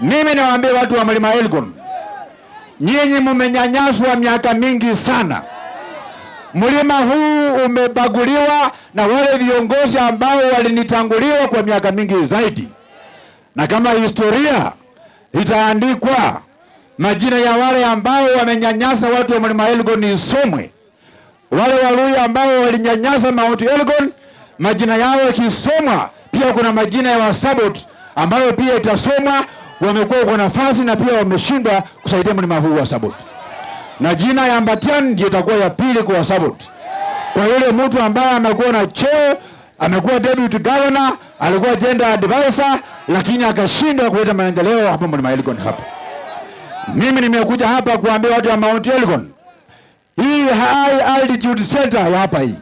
Mimi niwaambie watu wa mlima Elgon, nyinyi mmenyanyaswa miaka mingi sana. Mlima huu umebaguliwa na wale viongozi ambao walinitanguliwa kwa miaka mingi zaidi, na kama historia itaandikwa, majina ya wale ambao wamenyanyasa watu wa mlima Elgon isomwe. Wale Waluya ambao walinyanyasa Mount Elgon, majina yao ikisomwa pia, kuna majina ya Wasabot ambayo pia itasomwa wamekuwa kwa nafasi na pia wameshindwa kusaidia mlima huu wa Sabot, na jina ya Mbatiany ndio itakuwa ya pili kwa Sabot. kwa yule mtu ambaye amekuwa na cheo, amekuwa deputy governor, alikuwa gender advisor, lakini akashindwa kuleta maendeleo hapa mlima Elgon hapa. Mimi nimekuja hapa kuambia watu wa Mount Elgon, hii high altitude center ya hapa hii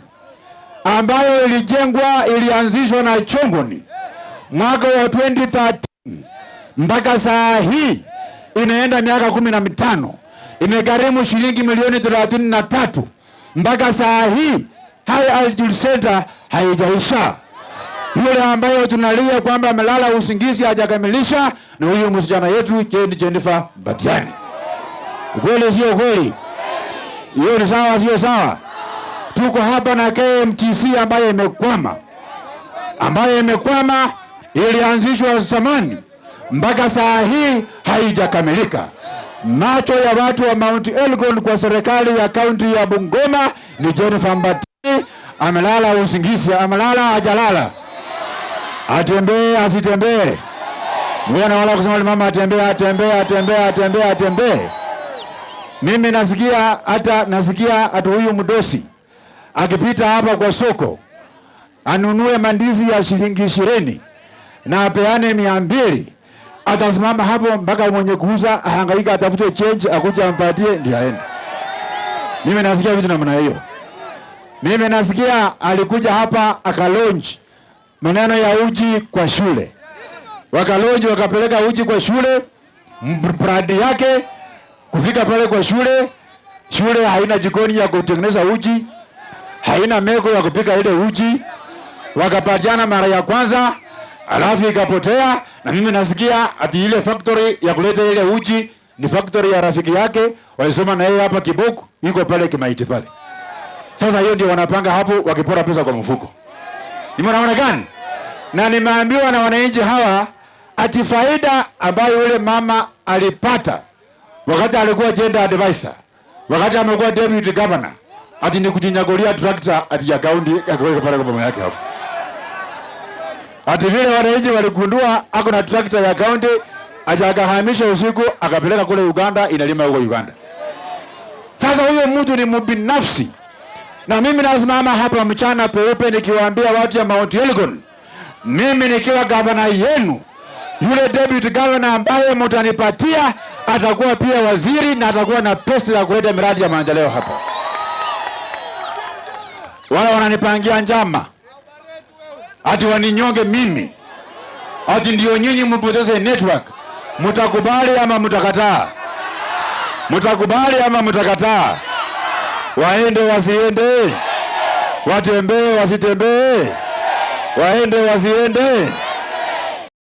ambayo ilijengwa ilianzishwa na Chongoni mwaka wa 2013 mpaka saa hii inaenda miaka kumi na mitano imegharimu shilingi milioni thelathini na tatu mpaka saa hii hai al Center haijaisha. Yule ambayo tunalia kwamba amelala usingizi hajakamilisha na huyu msichana yetu Jane Jennifer Batiani. Kweli sio kweli? Hiyo ni sawa, sio sawa? Tuko hapa na KMTC ambayo imekwama, ambayo imekwama, ilianzishwa zamani mpaka saa hii haijakamilika. Macho ya watu wa Mount Elgon kwa serikali ya kaunti ya Bungoma ni Jennifer Mbatini. Amelala usingizi, amelala hajalala, atembee asitembee, mwana wala kusema mama atembee, atembee, atembee, atembee, atembee. Mimi nasikia hata nasikia hata huyu mdosi akipita hapa kwa soko anunue mandizi ya shilingi ishirini na apeane mia mbili atasimama hapo mpaka mwenye kuuza ahangaika, atafute change, akuja ampatie, ndio aende. Mimi nasikia vitu namna hiyo. Mimi nasikia alikuja hapa akalonji maneno ya uji kwa shule, wakalonji wakapeleka uji kwa shule, mradi yake kufika pale kwa shule. Shule haina jikoni ya kutengeneza uji, haina meko ya kupika ile uji. Wakapatiana mara ya kwanza alafu ikapotea, na mimi nasikia ati ile factory ya kuleta ile uji ni factory ya rafiki yake, walisoma na yeye hapa Kiboko, iko pale Kimaiti pale. Sasa hiyo ndio wanapanga hapo, wakipora pesa kwa mfuko. Nimeona gani? Na nimeambiwa na wananchi hawa ati faida ambayo yule mama alipata wakati alikuwa gender advisor, wakati amekuwa deputy governor, ati ni kujinyagulia tractor ati ya kaunti ya kwa pale kwa mama yake hapo. Ati vile wananchi waligundua ako na trakta ya kaunti, akahamisha usiku akapeleka kule Uganda, inalima huko Uganda. Sasa huyo mtu ni mbinafsi, na mimi nasimama hapa mchana peupe nikiwaambia watu ya Mount Elgon, mimi nikiwa gavana yenu, yule deputy governor ambaye mtanipatia atakuwa pia waziri na atakuwa na pesa ya kuleta miradi ya maendeleo hapa. Wala wananipangia njama ati waninyonge mimi, ati ndio nyinyi mpoteze network. Mutakubali ama mutakataa mutakubali ama mutakataa Waende wasiende? Watembee wasitembee? Waende wasiende?